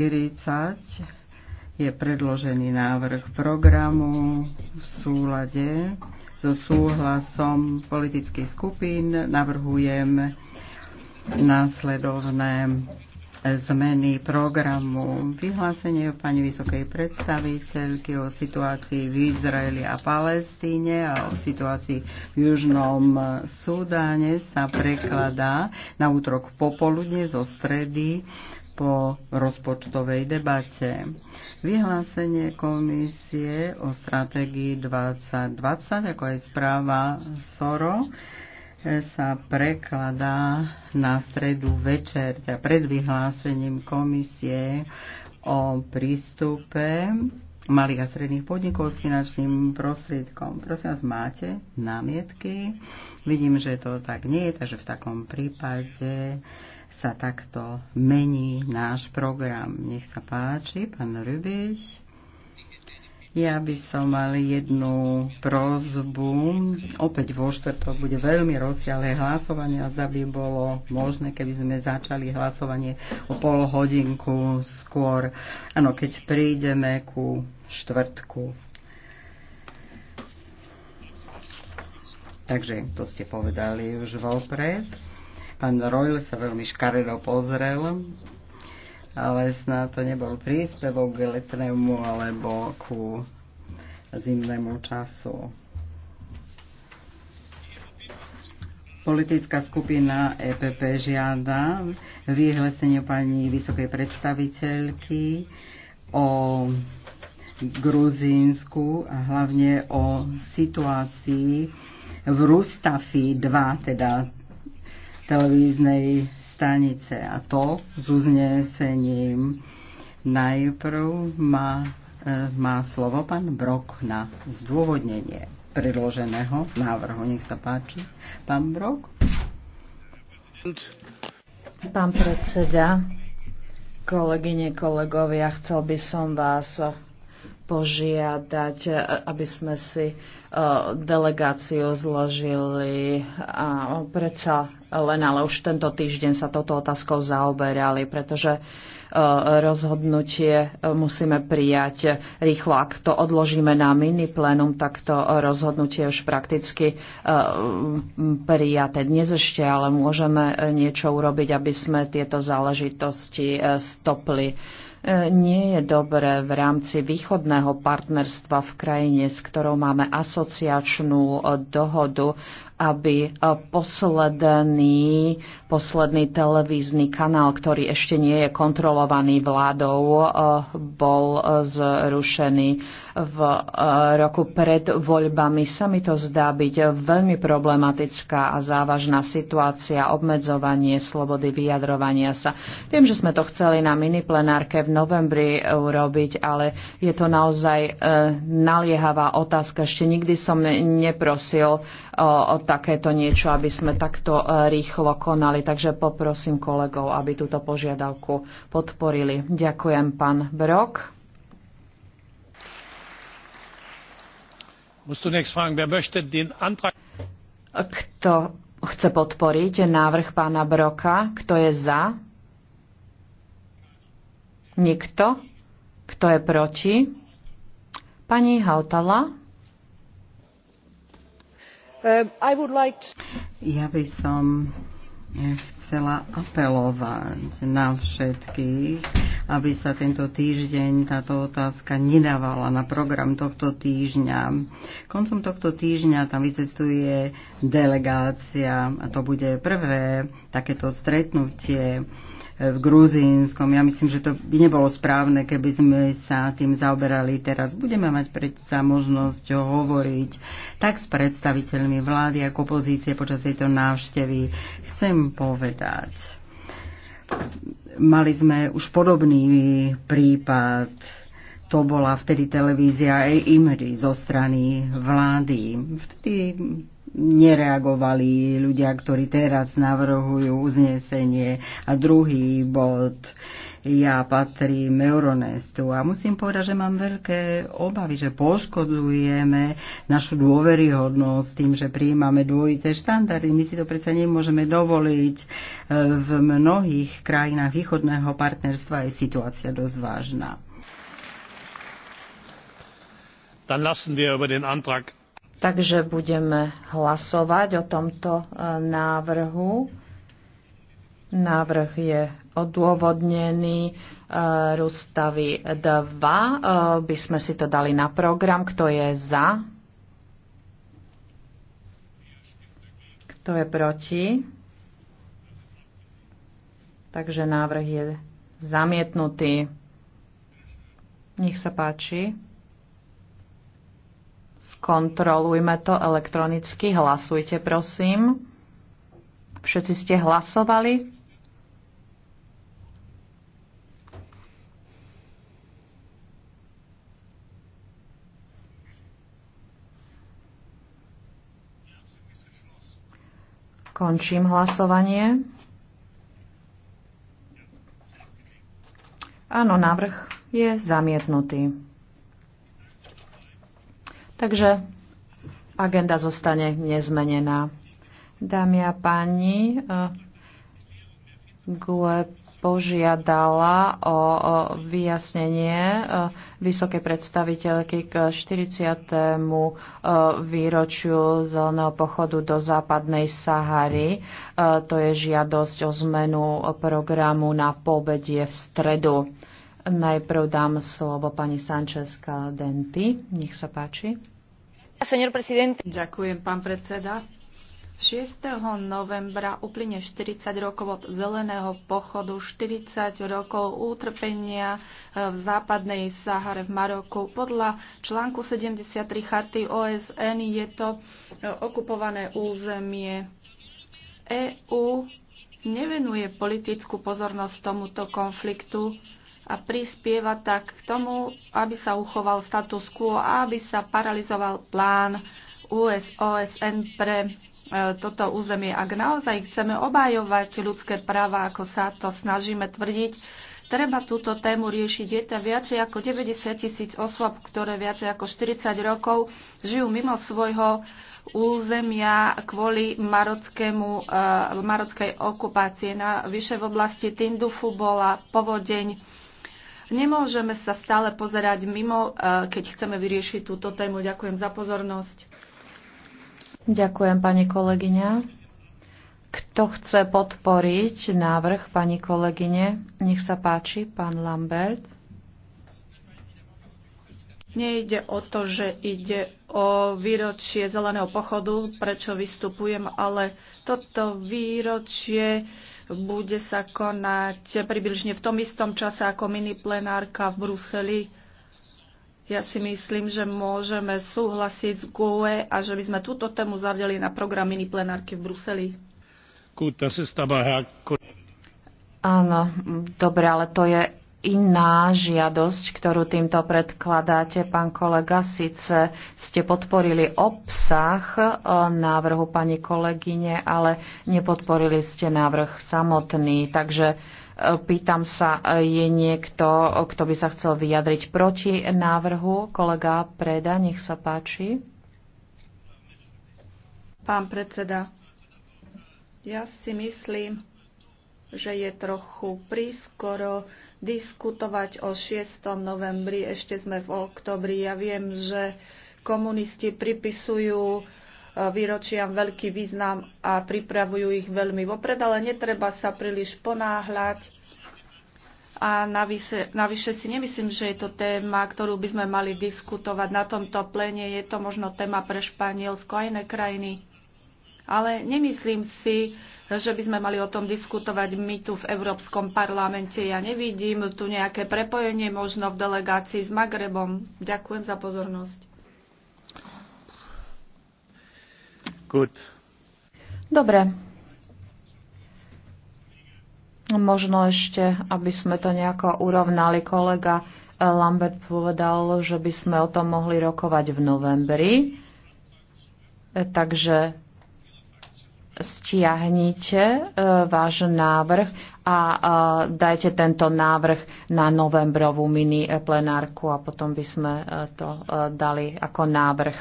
40 je predložený návrh programu v súlade so súhlasom politických skupín. Navrhujem následovné zmeny programu. Vyhlásenie pani vysokej predstaviteľky o situácii v Izraeli a Palestíne a o situácii v Južnom Súdáne sa prekladá na útrok popoludne zo stredy po rozpočtovej debate. Vyhlásenie komisie o stratégii 2020, ako aj správa SORO, sa prekladá na stredu večer, teda pred vyhlásením komisie o prístupe malých a stredných podnikov s finančným prostriedkom. Prosím vás, máte námietky? Vidím, že to tak nie je, takže v takom prípade sa takto mení náš program. Nech sa páči, pán Rybich. Ja by som mal jednu prozbu. Opäť vo štvrtok bude veľmi rozsiahle hlasovanie a zda by bolo možné, keby sme začali hlasovanie o pol hodinku skôr. Áno, keď prídeme ku štvrtku. Takže to ste povedali už vopred. Pán Royl sa veľmi škaredo pozrel ale sná to nebol príspevok k letnému alebo ku zimnému času. Politická skupina EPP žiada vyhlesenie pani vysokej predstaviteľky o Gruzínsku a hlavne o situácii v Rustafi 2, teda televíznej stanice a to s uznesením. Najprv má, e, má slovo pán Brok na zdôvodnenie predloženého návrhu. Nech sa páči. Pán Brok. Pán predseda, kolegyne, kolegovia, chcel by som vás požiadať, e, aby sme si e, delegáciu zložili a predsa len, ale už tento týždeň sa touto otázkou zaoberali, pretože e, rozhodnutie musíme prijať rýchlo. Ak to odložíme na mini plénum, tak to rozhodnutie už prakticky prijaté dnes ešte, ale môžeme niečo urobiť, aby sme tieto záležitosti stopli nie je dobré v rámci východného partnerstva v krajine, s ktorou máme asociačnú dohodu, aby e, posledný, posledný televízny kanál, ktorý ešte nie je kontrolovaný vládou, e, bol e, zrušený v roku pred voľbami. Sa mi to zdá byť veľmi problematická a závažná situácia, obmedzovanie slobody vyjadrovania sa. Viem, že sme to chceli na miniplenárke v novembri urobiť, ale je to naozaj naliehavá otázka. Ešte nikdy som neprosil o takéto niečo, aby sme takto e, rýchlo konali. Takže poprosím kolegov, aby túto požiadavku podporili. Ďakujem, pán Brok. Kto chce podporiť návrh pána Broka? Kto je za? Nikto? Kto je proti? Pani Hautala? Um, ja by som eh, chcela apelovať na všetkých, aby sa tento týždeň táto otázka nedávala na program tohto týždňa. Koncom tohto týždňa tam vycestuje delegácia a to bude prvé takéto stretnutie v Gruzínskom. Ja myslím, že to by nebolo správne, keby sme sa tým zaoberali teraz. Budeme mať predsa možnosť hovoriť tak s predstaviteľmi vlády ako opozície počas tejto návštevy. Chcem povedať, mali sme už podobný prípad to bola vtedy televízia Imri zo strany vlády. Vtedy nereagovali ľudia, ktorí teraz navrhujú uznesenie. A druhý bod, ja patrím Euronestu a musím povedať, že mám veľké obavy, že poškodujeme našu dôveryhodnosť tým, že prijímame dvojité štandardy. My si to predsa nemôžeme dovoliť. V mnohých krajinách východného partnerstva je situácia dosť vážna. Dann lassen wir über den Antrag Takže budeme hlasovať o tomto e, návrhu. Návrh je odôvodnený. E, Rústavy 2 e, by sme si to dali na program. Kto je za? Kto je proti? Takže návrh je zamietnutý. Nech sa páči. Kontrolujme to elektronicky. Hlasujte, prosím. Všetci ste hlasovali? Končím hlasovanie. Áno, návrh je zamietnutý. Takže agenda zostane nezmenená. Dámy a páni, eh, GUE požiadala o vyjasnenie eh, vysokej predstaviteľky k 40. Eh, výročiu zeleného pochodu do západnej Sahary. To je žiadosť o zmenu programu na pobedie v stredu. Najprv dám slovo pani Sanchez Denty. Nech sa páči. Ďakujem, pán predseda. 6. novembra uplyne 40 rokov od zeleného pochodu, 40 rokov utrpenia e, v západnej Sahare v Maroku. Podľa článku 73 charty OSN je to e, okupované územie. EÚ nevenuje politickú pozornosť tomuto konfliktu a prispieva tak k tomu, aby sa uchoval status quo a aby sa paralizoval plán USOSN pre e, toto územie. Ak naozaj chceme obajovať ľudské práva, ako sa to snažíme tvrdiť, treba túto tému riešiť. Je to viacej ako 90 tisíc osôb, ktoré viacej ako 40 rokov žijú mimo svojho územia kvôli marockému, e, marockej okupácie. Na vyše v oblasti Tindufu bola povodeň Nemôžeme sa stále pozerať mimo, eh, keď chceme vyriešiť túto tému. Ďakujem za pozornosť. Ďakujem, pani kolegyňa. Kto chce podporiť návrh pani kolegyne? Nech sa páči, pán Lambert. Nejde o to, že ide o výročie zeleného pochodu, prečo vystupujem, ale toto výročie bude sa konať približne v tom istom čase ako mini plenárka v Bruseli. Ja si myslím, že môžeme súhlasiť s GUE a že by sme túto tému zavdeli na program mini plenárky v Bruseli. Áno, dobre, ale to je iná žiadosť, ktorú týmto predkladáte, pán kolega. Sice ste podporili obsah e, návrhu pani kolegyne, ale nepodporili ste návrh samotný. Takže e, pýtam sa, e, je niekto, kto by sa chcel vyjadriť proti návrhu? Kolega Preda, nech sa páči. Pán predseda, ja si myslím, že je trochu prískoro diskutovať o 6. novembri. Ešte sme v oktobri. Ja viem, že komunisti pripisujú e, výročiam veľký význam a pripravujú ich veľmi vopred, ale netreba sa príliš ponáhľať. A navyše, navyše si nemyslím, že je to téma, ktorú by sme mali diskutovať na tomto plene. Je to možno téma pre Španielsko a iné krajiny. Ale nemyslím si, že by sme mali o tom diskutovať my tu v Európskom parlamente. Ja nevidím tu nejaké prepojenie možno v delegácii s Magrebom. Ďakujem za pozornosť. Good. Dobre. Možno ešte, aby sme to nejako urovnali, kolega Lambert povedal, že by sme o tom mohli rokovať v novembri. Takže stiahnite e, váš návrh a e, dajte tento návrh na novembrovú mini e, plenárku a potom by sme to dali ako návrh.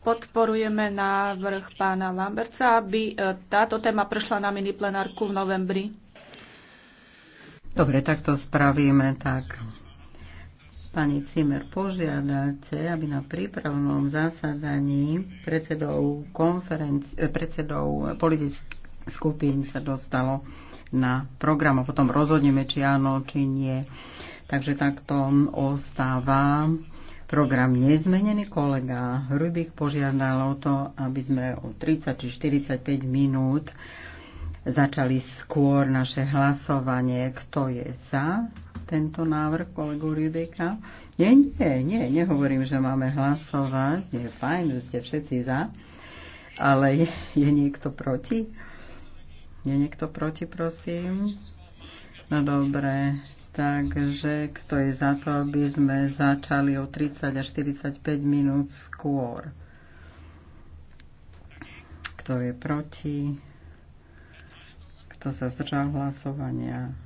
Podporujeme návrh pána Lamberca, aby táto téma prešla na mini plenárku v novembri. Dobre, tak to spravíme tak pani Cimer požiadate, aby na prípravnom zasadaní predsedov, eh, predsedov politických skupín sa dostalo na program a potom rozhodneme, či áno, či nie. Takže takto ostáva program nezmenený. Kolega Hrubík požiadal o to, aby sme o 30 či 45 minút začali skôr naše hlasovanie. Kto je za tento návrh kolegu Rybeka? Nie, nie, nie, nehovorím, že máme hlasovať. Je fajn, že ste všetci za. Ale je, je niekto proti? Je niekto proti, prosím? No dobre, takže kto je za to, aby sme začali o 30 až 45 minút skôr? Kto je proti? Kto sa zdržal hlasovania?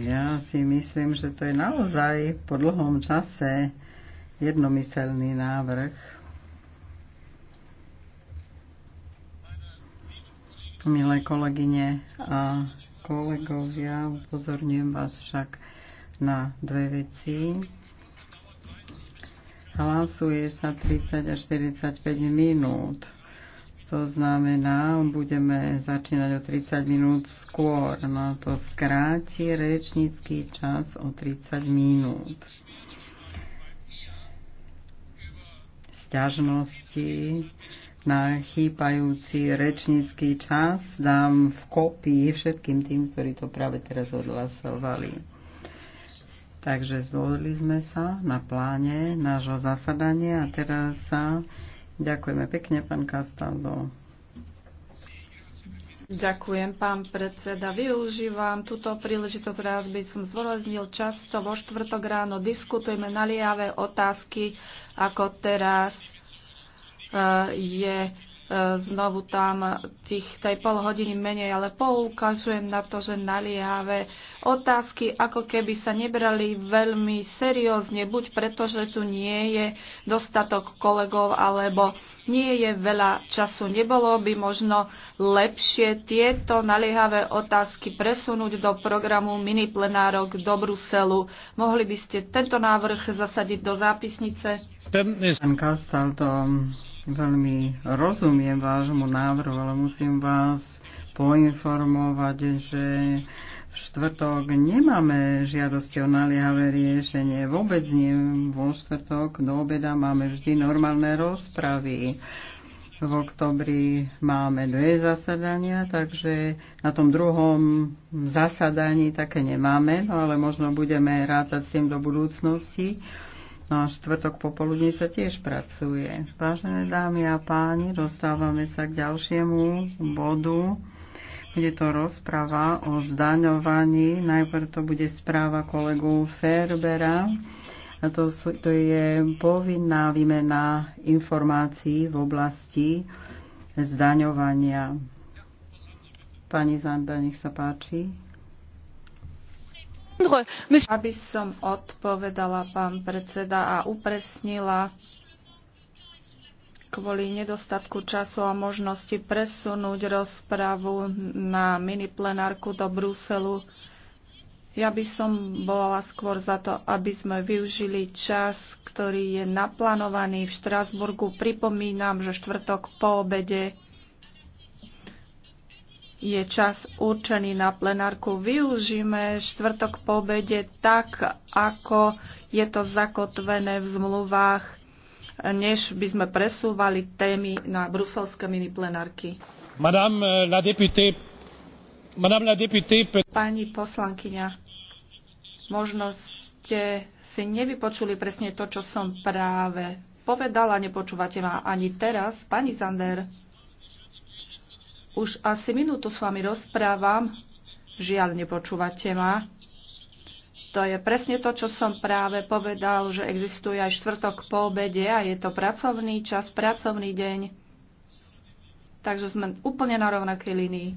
Ja si myslím, že to je naozaj po dlhom čase jednomyselný návrh. Milé kolegyne a kolegovia, upozorňujem vás však na dve veci. Hlasuje sa 30 až 45 minút. To znamená, budeme začínať o 30 minút skôr. No to skráti rečnícky čas o 30 minút. Sťažnosti na chýpajúci rečnícky čas dám v kopii všetkým tým, ktorí to práve teraz odhlasovali. Takže zvolili sme sa na pláne nášho zasadania a teraz sa Ďakujeme pekne, pán Kastaldo. Ďakujem, pán predseda. Využívam túto príležitosť, rád by som čas, často. Vo štvrtok ráno diskutujeme naliehavé otázky, ako teraz eh, je znovu tam tých, tej pol hodiny menej, ale poukazujem na to, že naliehavé otázky ako keby sa nebrali veľmi seriózne, buď preto, že tu nie je dostatok kolegov, alebo nie je veľa času. Nebolo by možno lepšie tieto naliehavé otázky presunúť do programu mini plenárok do Bruselu. Mohli by ste tento návrh zasadiť do zápisnice? Pán Kastal, to Veľmi rozumiem vášmu návrhu, ale musím vás poinformovať, že v štvrtok nemáme žiadosti o naliehavé riešenie. Vôbec nie. Vo štvrtok do obeda máme vždy normálne rozpravy. V oktobri máme dve zasadania, takže na tom druhom zasadaní také nemáme, no ale možno budeme rátať s tým do budúcnosti. No a štvrtok popoludne sa tiež pracuje. Vážené dámy a páni, dostávame sa k ďalšiemu bodu. Bude to rozprava o zdaňovaní. Najprv to bude správa kolegu Ferbera. A to, sú, to je povinná výmena informácií v oblasti zdaňovania. Pani Zanda, nech sa páči. Aby som odpovedala, pán predseda, a upresnila kvôli nedostatku času a možnosti presunúť rozpravu na mini plenárku do Bruselu. Ja by som bola skôr za to, aby sme využili čas, ktorý je naplánovaný v Štrásburgu. Pripomínam, že štvrtok po obede je čas určený na plenárku. Využíme štvrtok po obede tak, ako je to zakotvené v zmluvách, než by sme presúvali témy na bruselské mini plenárky. Madame eh, la députée, Madame la députée... Pani poslankyňa, možno ste si nevypočuli presne to, čo som práve povedala, nepočúvate ma ani teraz. Pani Zander, už asi minútu s vami rozprávam. Žiaľ, nepočúvate ma. To je presne to, čo som práve povedal, že existuje aj štvrtok po obede a je to pracovný čas, pracovný deň. Takže sme úplne na rovnakej linii.